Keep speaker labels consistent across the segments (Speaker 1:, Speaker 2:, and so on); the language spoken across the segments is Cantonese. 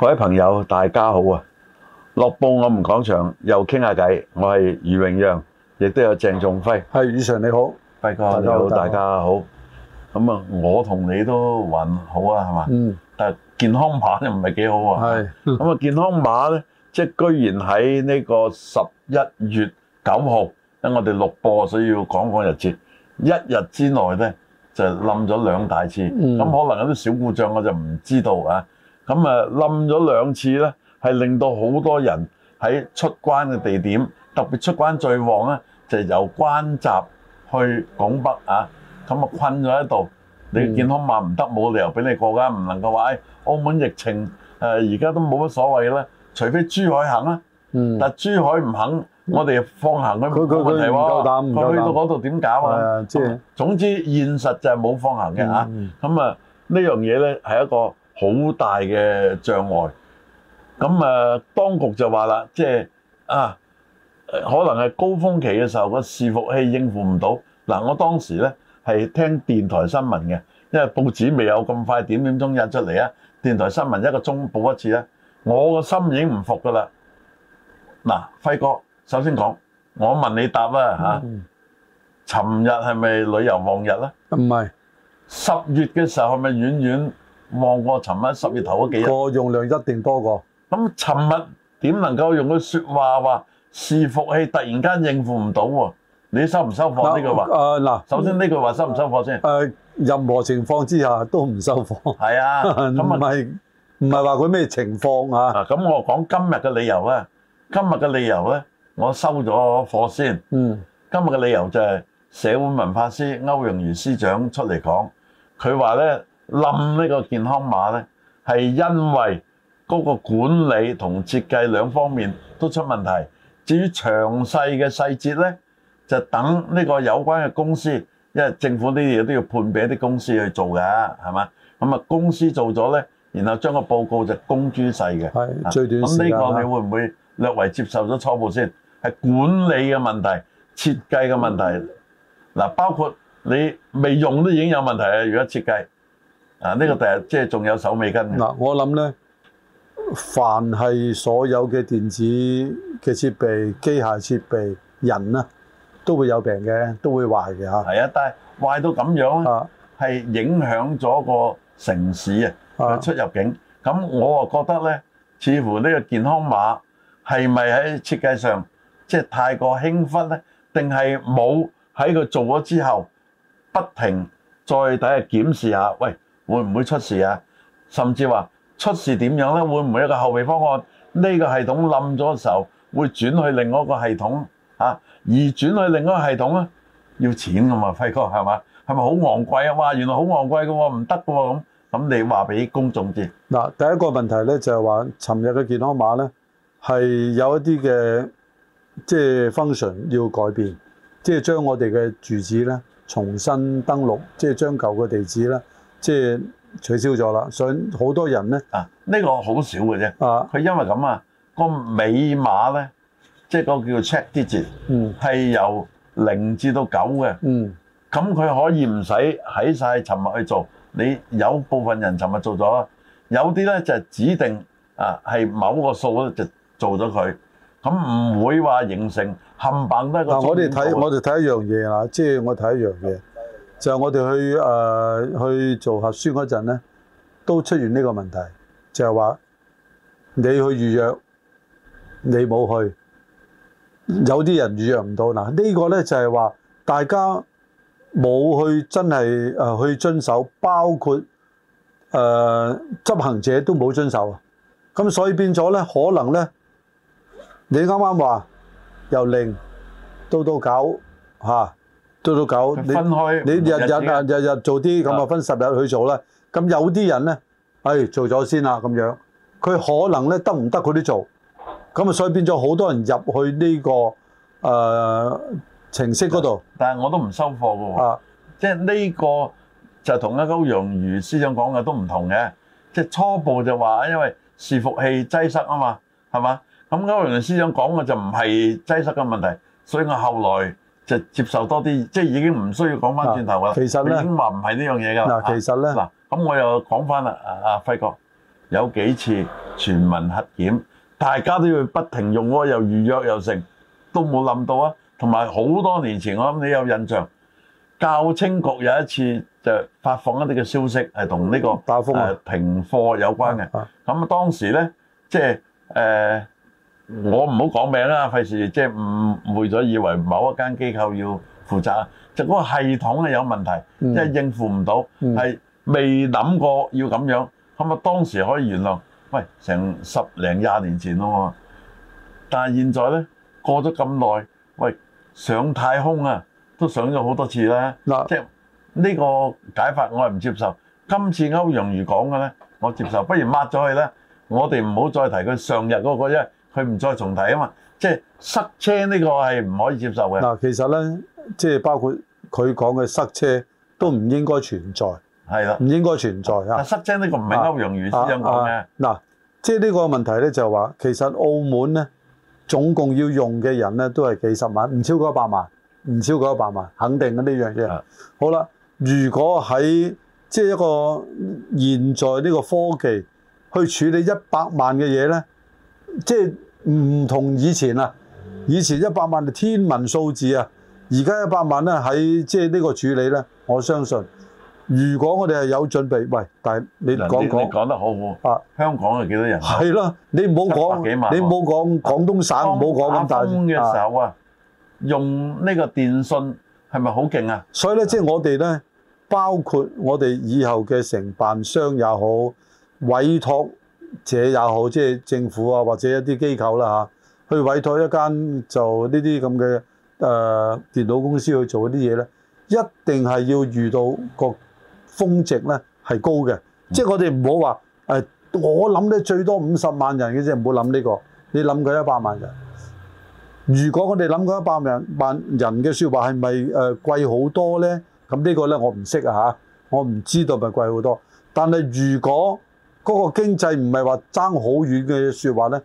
Speaker 1: 各位朋友，大家好啊！樂報我們講場，又傾下偈。我係余榮讓，亦都有鄭仲輝。係以翔你好，輝哥你好，大家好。咁啊，我同你都還好啊，係嘛？嗯。但健康碼又唔係幾好啊。咁啊，健康碼咧，即居然喺呢個十一月九號，因我哋錄播，所以要講講日節。一日之內咧，就冧咗兩大次。咁、嗯、可能有啲小故障，我就唔知道啊。咁啊冧咗兩次咧，係令到好多人喺出關嘅地點，特別出關最旺咧，就由關閘去拱北啊，咁啊困咗喺度。你健康碼唔得，冇、嗯、理由俾你過噶，唔能夠話、哎、澳門疫情誒而家都冇乜所謂啦，除非珠海行啊嗯，但珠海唔肯、嗯啊、肯，我哋放行都冇問題喎。佢去到嗰度點搞啊，啊？總之現實就係冇放行嘅嚇。咁、嗯、啊，啊呢樣嘢咧係一個。好大嘅障礙，咁誒當局就話啦，即係啊，可能係高峯期嘅時候個伺服器應付唔到。嗱，我當時咧係聽電台新聞嘅，因為報紙未有咁快點點鐘印出嚟啊。電台新聞一個鐘報一次咧，我個心已經唔服噶啦。嗱，輝哥首先講，我問你答啦嚇。尋日係咪旅遊旺日咧？唔係，十月嘅時候係咪遠遠？望過尋日十月頭嗰幾日個用量一定多過。咁尋日點能夠用個説話話伺服器突然間應付唔到喎？你收唔收貨呢句話？
Speaker 2: 啊、呃、嗱、呃，首先呢句話收唔收貨先？誒、呃呃，任何情況之下都唔收貨。係啊，唔係唔係話佢咩情況啊？咁我講今日嘅理由咧，
Speaker 1: 今日嘅理由咧，我收咗貨先。嗯，今日嘅理由就係社會文化司歐陽瑜司長出嚟講，佢話咧。冧呢個健康碼呢，係因為嗰個管理同設計兩方面都出問題。至於詳細嘅細節呢，就等呢個有關嘅公司，因為政府呢啲嘢都要判畀啲公司去做㗎，係嘛？咁啊，公司做咗呢，然後將個報告就公諸世嘅。係最短。咁呢個你會唔會略為接受咗初步先？係管理嘅問題、設計嘅問題。嗱，包括你未用都已經有問題啊！如果設計。啊！呢個第日即係仲有手尾跟嘅。嗱，
Speaker 2: 我諗咧，凡係所有嘅電子嘅設備、機械設備、人啊，都會有病嘅，都會壞嘅
Speaker 1: 嚇。係啊，但係壞到咁樣啊，係影響咗個城市啊嘅出入境。咁我啊覺得咧，似乎呢個健康碼係咪喺設計上即係太過輕忽咧？定係冇喺佢做咗之後，不停再底下檢視下？喂！會唔會出事啊？甚至話出事點樣咧？會唔會有一個後備方案？呢個系統冧咗嘅時候，會轉去另外一個系統啊？而轉去另外一個系統啊，要錢噶嘛，輝哥係嘛？係咪好昂貴啊？嘛？原來好昂貴嘅喎，唔得嘅喎咁。咁你話俾公眾知
Speaker 2: 嗱，第一個問題咧就係話，尋日嘅健康碼咧係有一啲嘅即係 function 要改變，即係將我哋嘅住址咧重新登錄，即係將舊嘅地址咧。即係取消咗啦，所以好多人咧啊，
Speaker 1: 呢個好少嘅啫。啊，佢、這個啊、因為咁啊，個尾碼咧，即係嗰個叫 check digit，嗯，係由零至到九嘅，嗯，咁佢可以唔使喺晒尋日去做，你有部分人尋日做咗，有啲咧就係指定啊，係某個數咧就做咗佢，咁唔會話形成冚唪唥都個、啊、我哋睇我哋
Speaker 2: 睇一樣嘢啦，即、就、係、係、我睇一樣嘢。就係、我哋去誒、呃、去做核酸嗰陣咧，都出現呢個問題，就係、係、話你去預約，你冇去，有啲人預約唔到嗱，呢個咧就係話大家冇去真係誒去遵守，包括誒、呃、執行者都冇遵守，咁所以變咗咧，可能咧你啱啱話由零到到九、吓做到九，你你日日日日日做啲咁啊，分十日去做啦。咁有啲人咧，哎，做咗先啦咁樣。佢可能咧得唔得嗰啲做，咁啊，所以變咗好多人入去呢個誒程式嗰度。但係我
Speaker 1: 都唔收貨㗎喎。啊，即係呢個就同阿歐陽瑜司長講嘅都唔同嘅。即係初步就話，因為伺服器擠塞啊嘛，係嘛？咁歐陽瑜司長講嘅就唔係擠塞嘅問題，所以我後來。就接受多啲，即係已經唔需要講翻轉頭噶啦。其實咧，已經話唔係呢樣嘢噶嗱，其實咧，嗱、啊，咁我又講翻啦。阿輝哥有幾次全民核檢，大家都要不停用喎，又預約又成，都冇諗到啊。同埋好多年前，我諗你有印象，教青局有一次就發放一啲嘅消息，係同呢個打風停課有關嘅。咁啊，當時咧，即係我唔好講名啦，費事即係誤會咗，以為某一間機構要負責，就嗰個系統係有問題，即係應付唔到，係未諗過要咁樣。咁啊，當時可以原諒，喂，成十零廿年前咯喎，但係現在咧過咗咁耐，喂，上太空啊都上咗好多次啦，即係呢個解法我係唔接受。今次歐陽瑜講嘅咧，我接受，不如抹咗佢啦。我哋唔好再提佢上日嗰個，因為。佢
Speaker 2: 唔再重提啊嘛，即係塞車呢個係唔可以接受嘅。嗱，其實咧，即係包括佢講嘅塞車都唔應該存在，係啦，唔應該存在該啊。塞車呢個唔係歐陽宇先生講嘅。嗱、啊啊啊，即係呢個問題咧，就係、是、話其實澳門咧總共要用嘅人咧都係幾十萬，唔超過一百萬，唔超過一百萬，肯定嘅呢樣嘢。好啦，如果喺即係一個現在呢個科技去處理一百萬嘅嘢咧，即係。唔同以前啊！以前一百萬係天文數字啊，而家一百萬咧喺即係呢個處理咧，我相信，如果我哋係有準備，喂，但係你講講
Speaker 1: 講得好喎，啊，香港係幾多人？係啦你唔好講，你唔好講，你唔好講
Speaker 2: 廣東省，唔好講咁大。啱嘅時候啊，啊用呢個電信係咪好勁啊？所以咧，即係我哋咧，包括我哋以後嘅承辦商也好，委託。這也好，即係政府啊，或者一啲機構啦吓、啊、去委託一間做呢啲咁嘅誒電腦公司去做啲嘢咧，一定係要遇到個峰值咧係高嘅，嗯，即係我哋唔好話誒，我諗咧最多五十萬人嘅啫，唔好諗呢個，你諗佢一百萬人。如果我哋諗佢一百萬人嘅説話是不是，係咪誒貴好多咧？咁呢個咧我唔識啊嚇，我唔知道咪貴好多。但係如果，嗰個經濟唔係話爭好遠嘅説話呢。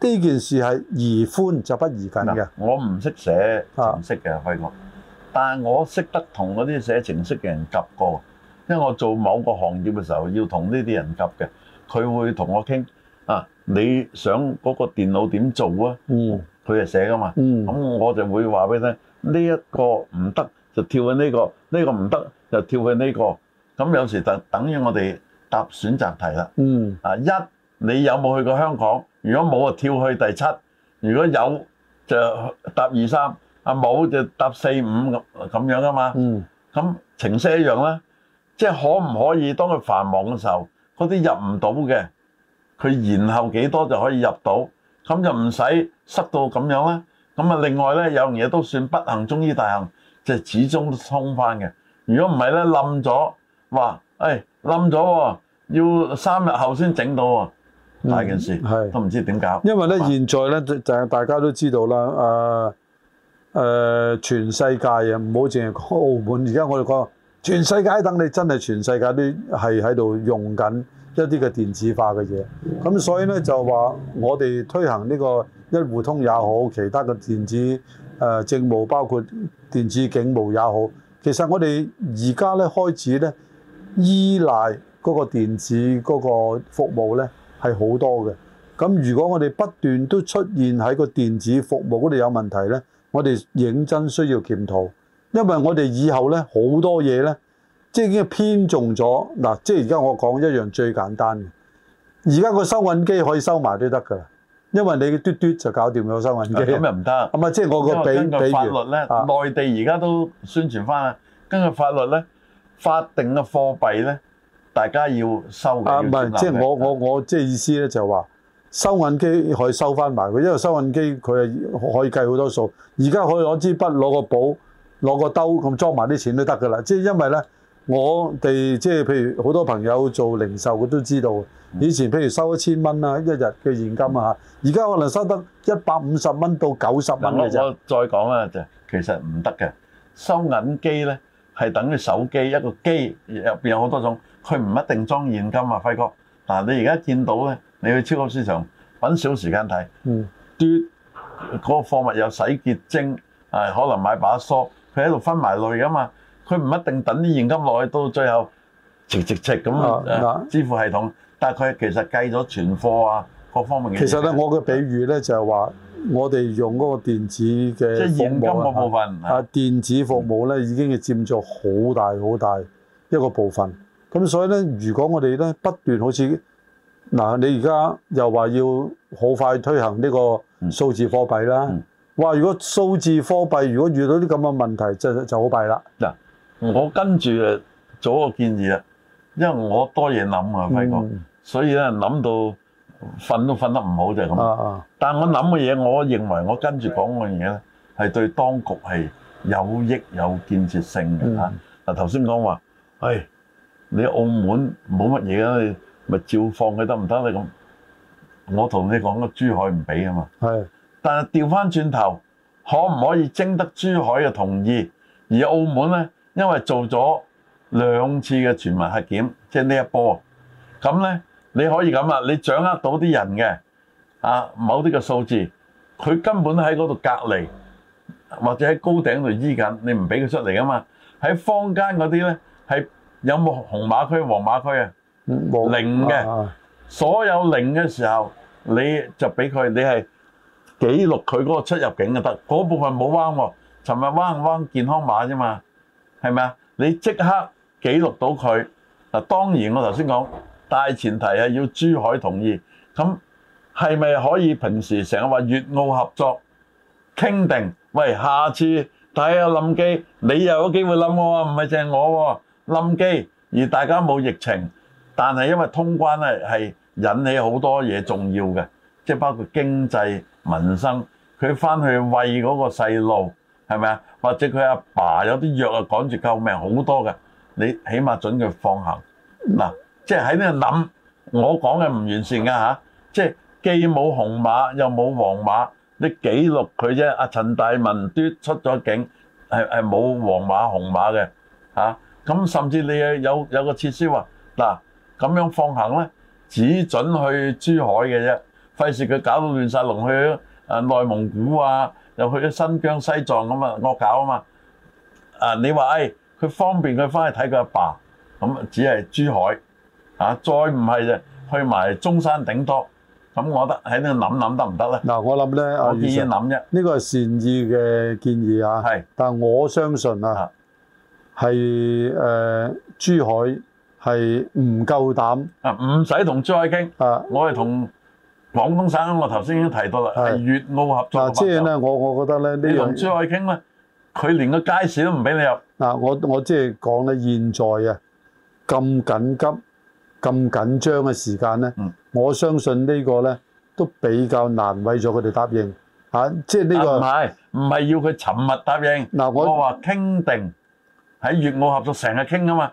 Speaker 2: 呢件事係宜寬就不宜緊嘅。我唔識
Speaker 1: 寫程式嘅廢話，但係我識得同嗰啲寫程式嘅人夾過，因為我做某個行業嘅時候要同呢啲人夾嘅，佢會同我傾啊，你想嗰個電腦點做啊？嗯，佢係寫噶嘛，嗯，咁我就會話俾你聽，呢一個唔得就跳去呢個，呢個唔得就跳去呢個，咁有時就等於我哋，答選擇題啦，嗯啊，一你有冇去過香港？如果冇啊，跳去第七；如果有就答二三，啊冇就答四五咁咁樣啊嘛，嗯咁程式一樣啦，即係可唔可以當佢繁忙嘅時候，嗰啲入唔到嘅，佢延後幾多就可以入到，咁就唔使塞到咁樣啦。咁啊，另外咧有樣嘢都算不幸中之大幸，就始終都衝翻嘅。如果唔係咧冧咗，話誒。冧咗喎，要三日後先整到喎，大、嗯、件事，都唔知點搞。因
Speaker 2: 為咧，現在咧就係大家都知道啦，誒、呃、誒、呃，全世界啊，唔好淨係講澳門。而家我哋講全世界等你，真係全世界都係喺度用緊一啲嘅電子化嘅嘢。咁所以咧就話我哋推行呢、這個一互通也好，其他嘅電子誒、呃、政務包括電子警務也好，其實我哋而家咧開始咧。依賴嗰個電子嗰個服務咧係好多嘅，咁如果我哋不斷都出現喺個電子服務嗰度有問題咧，我哋認真需要檢討，因為我哋以後咧好多嘢咧，即係已經偏重咗嗱，即係而家我講一樣最簡單嘅，而家個收銀機可以收埋都得㗎喇，因為你嘟嘟就搞掂咗收銀機。咁又唔得？係咪？即係我個比據法律咧、啊，
Speaker 1: 內地而家都宣傳翻啊，根據法律咧。法定嘅貨幣咧，大家要收銀啊！唔係，即、啊、係、即係、我我
Speaker 2: 我即係、即係、意思咧，就話收銀機可以收翻埋佢，因為收銀機佢係可以計好多數。而家可以攞支筆、攞個簿、攞個兜咁裝埋啲錢都得㗎啦。即係因為咧，我哋即係譬如好多朋友做零售，佢都知道。以前譬如收一千蚊啊，一日嘅現金啊，而家可能收得一百五十蚊到九十蚊㗎啫。嗯、我
Speaker 1: 再講啦，就其實唔得嘅，收銀機咧。係等佢手機一個機入邊有好多種，佢唔一定裝現金啊，輝哥。嗱、啊、你而家見到咧，你去超級市場揾少時間睇，
Speaker 2: 嗯，
Speaker 1: 對、那、嗰個貨物有洗潔精，啊可能買把梳，佢喺度分埋類噶嘛，佢唔一定等啲現金落去到最後，直直直咁啊，啊支付系統，但係佢其實計咗存貨啊各方面嘅。其實咧，我
Speaker 2: 嘅比喻咧就係話。我哋用嗰個電子嘅，即係現金個部分啊、啊，電子服務咧、嗯、已經係佔咗好大好大一個部分。咁所以咧，如果我哋咧不斷好似嗱、啊，你而家又話要好快推行呢個數字貨幣啦、嗯嗯，哇！如果數字貨幣如果遇到啲咁嘅問題，就就好弊啦。嗱、
Speaker 1: 嗯，我跟住就做個建議啊，因為我多嘢諗啊，輝哥、嗯，所以咧諗到。瞓都瞓得唔好就係咁，但係我諗嘅嘢，我認為我跟住講嘅嘢咧，係對當局係有益有建設性嘅。嗱，頭先講話，誒你澳門冇乜嘢啊，咪照放佢得唔得？你咁，我同你講個珠海唔俾啊嘛。係，但係調翻轉頭，可唔可以徵得珠海嘅同意？而澳門咧，因為做咗兩次嘅全民核檢，即係呢一波，咁咧。你可以咁啊！你掌握到啲人嘅啊，某啲嘅數字，佢根本喺嗰度隔離，或者喺高頂度醫緊，你唔俾佢出嚟噶嘛？喺坊間嗰啲咧，係有冇紅碼區、黃碼區啊？零嘅，所有零嘅時候，你就俾佢，你係記錄佢嗰個出入境就得，嗰部分冇彎喎。尋日彎唔彎健康碼啫嘛？係咪啊？你即刻記錄到佢嗱，當然我頭先講。大前提係要珠海同意，咁係咪可以平時成日話粵澳合作傾定？喂，下次睇下冧機，你又有機會冧我啊，唔係淨係我喎，冧機。而大家冇疫情，但係因為通關係係引起好多嘢重要嘅，即係包括經濟民生，佢翻去餵嗰個細路係咪啊？或者佢阿爸有啲藥啊，趕住救命好多嘅，你起碼準佢放行嗱。即係喺呢度諗，我講嘅唔完善噶嚇。即係既冇紅馬又冇黃馬，你記錄佢啫。阿陳大文都出咗境，係係冇黃馬紅馬嘅嚇。咁甚至你啊有有個設施話嗱咁樣放行咧，只准去珠海嘅啫，費事佢搞到亂曬龍去啊內蒙古啊，又去咗新疆西藏咁啊惡搞啊嘛。啊你話誒佢方便佢翻去睇佢阿爸，咁只係珠海。啊！再唔係就去埋中山頂多咁，啊，我覺得喺呢度諗諗得唔得咧？嗱，我諗咧，我建議諗一，
Speaker 2: 呢個係善意嘅建議啊。係，但我相信啊，係誒、呃，珠海係唔夠膽啊，
Speaker 1: 唔使同珠海傾，我係同廣東省，我頭先已經提到啦，係粵澳
Speaker 2: 合作即係咧，我、啊即係、我覺得咧，你同珠海傾咧，佢、啊、連個街市都唔俾你入。嗱、啊，我我即係講咧，即係、現在啊咁緊急。咁緊張嘅時間咧，我相信呢個咧都比較難為咗佢哋答應吓，即係呢個唔係
Speaker 1: 唔係要佢沉默答應。我話傾定喺粵澳合作成日傾吖嘛，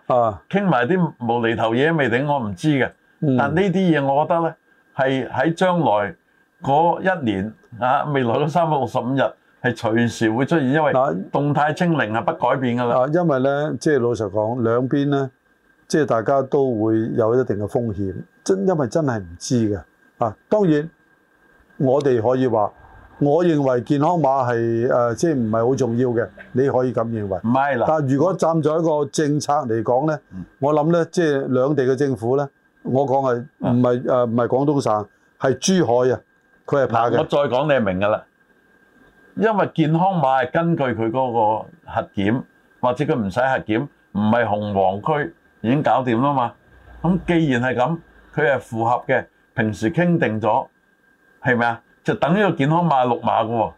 Speaker 1: 傾埋啲無厘頭嘢都未定，我唔知嘅。但呢啲嘢我覺得咧，係喺將來嗰一年啊，未來嗰三百六十五日係隨時會出現，因為動態清零係不改變噶啦。啊，
Speaker 2: 因為咧，即係老實講，兩邊咧。即係大家都會有一定嘅風險，真因為真係唔知嘅啊。當然我哋可以話，我認為健康碼係誒、呃，即係唔係好重要嘅。你可以咁認為，唔係啦。但係如果站在一個政策嚟講咧，我諗咧，即係兩地嘅政府咧，我講係唔係誒唔係廣東省係珠海啊，佢係怕嘅。我
Speaker 1: 再講你係明㗎啦，因為健康碼係根據佢嗰個核檢，或者佢唔使核檢，唔係紅黃區。已經搞掂啦嘛，咁既然係咁，佢係符合嘅，平時傾定咗，係咪啊？就等呢個健康碼綠碼嘅喎，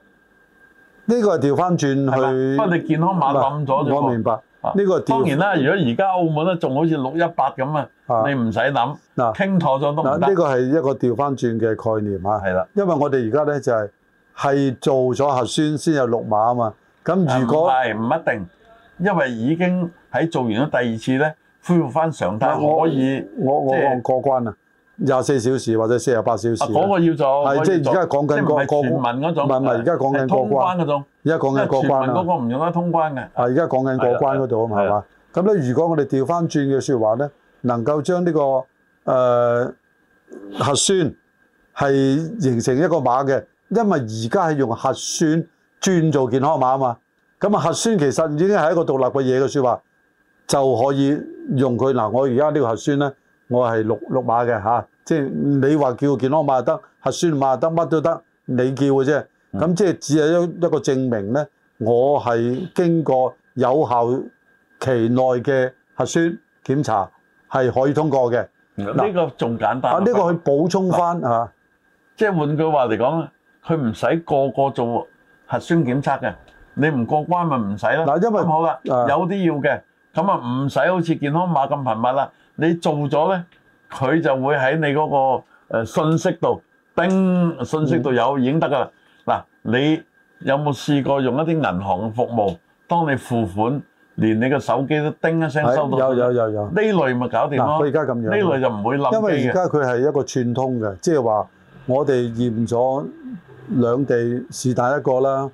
Speaker 2: 呢個係調翻轉去。不過你健康碼冧咗，就明白。呢個當然啦，如果而
Speaker 1: 家澳門咧仲好似六一八咁啊，你唔使諗嗱，傾妥咗都唔得。呢、啊啊啊呢個係
Speaker 2: 一個調翻轉嘅概念啊。係啦，因為我哋而家咧就係、係、係做咗核酸先有綠碼啊嘛。咁如果唔係
Speaker 1: 唔一定，因為已經喺做完咗第二次咧。恢復翻常態我我可以，
Speaker 2: 我我,、就是、我過關關啊，廿四小時或者四十八小時。嗰、啊那個要做，係即係而家講緊過全民嗰種，唔係而家講緊過關嗰種而家講緊過關,現在在過關啊，
Speaker 1: 嗰
Speaker 2: 個唔用得通關嘅。而家講緊過關嗰度啊嘛，係嘛？咁咧，的的如果我哋調翻轉嘅説話咧，能夠將呢、這個、呃、核酸係形成一個碼嘅，因為而家係用核酸轉做健康碼啊嘛。咁啊，核酸其實已經係一個獨立嘅嘢嘅説話。就可以用佢嗱，我而家呢個核酸咧，我係六六碼嘅嚇，即係你話叫健康碼得核酸碼得乜都得，你叫嘅啫。咁即係只係一一個證明咧，我係經過有效期內嘅核酸檢查係可以通過嘅。呢、嗯啊呢個仲簡單啊！呢、呢個去補充翻嚇，即係換句話嚟講，佢唔使
Speaker 1: 個個做核酸檢測嘅，你唔過關咪唔使啦。嗱、啊，因為好啦、啊，有啲要嘅。咁啊，唔使好似健康碼咁頻密啦。你做咗咧，佢就會喺你嗰個誒信息度叮，信息度有已經得噶啦。嗱，你有冇試過用一啲銀行嘅服務？當你付款，連你個手機都叮一聲收到。有有有有。呢類咪搞掂咯。嗱，佢而家咁樣，呢類就唔會漏嘅。因為而家
Speaker 2: 佢係一個串通嘅，即係話我哋驗咗兩地是但一個啦，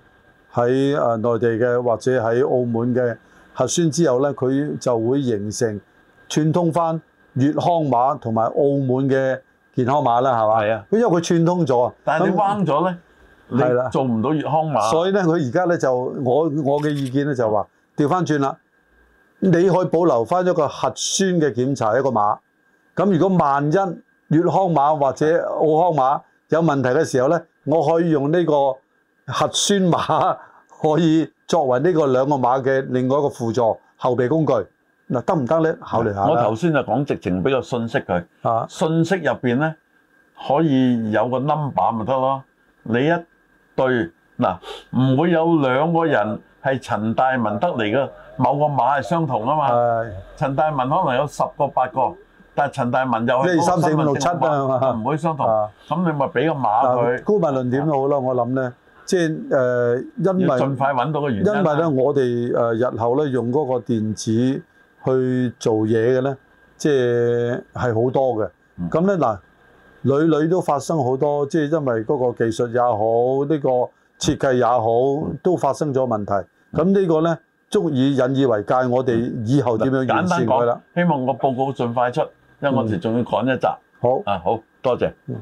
Speaker 2: 喺誒內地嘅或者喺澳門嘅。核酸之後咧，佢就會形成串通翻粵康碼同埋澳門嘅健康碼啦，係嘛？係啊，因為佢串通咗啊。但係你彎咗
Speaker 1: 咧，你做唔到粵康碼。所以
Speaker 2: 咧，佢而家咧就我我嘅意見咧就話調翻轉啦。你可以保留翻一個核酸嘅檢查一個碼。咁如果萬一粵康碼或者澳康碼有問題嘅時候咧，我可以用呢個核酸碼可以。作為呢個兩個碼嘅另外一個輔助後備工具，嗱得唔得咧？考慮下啦。我頭
Speaker 1: 先就講直情畀個信息佢，啊，信息入邊咧可以有個 number 咪得咯。你一對嗱，啊，唔會有兩個人係陳大文得嚟嘅，某個碼係相同啊嘛。係。陳大文可能有十個八個，但係陳大文又係個新民政府，
Speaker 2: 唔會相同。咁你咪俾個碼佢。姑、啊、勿論點都好啦，我諗咧。即係誒、呃，因為盡快搵到個原因，因為咧，我哋誒日後咧用嗰個電子去做嘢嘅咧，即係係好多嘅。咁咧嗱，屢屢都發生好多，即係因為嗰個技術也好，呢、呢個設計也好，嗯、都發生咗問題。咁、嗯、呢個咧足以引以為戒。我哋以後點樣完善佢啦？
Speaker 1: 希望個報告盡快出，因為我哋仲要講一集。嗯、好啊，好多謝、謝。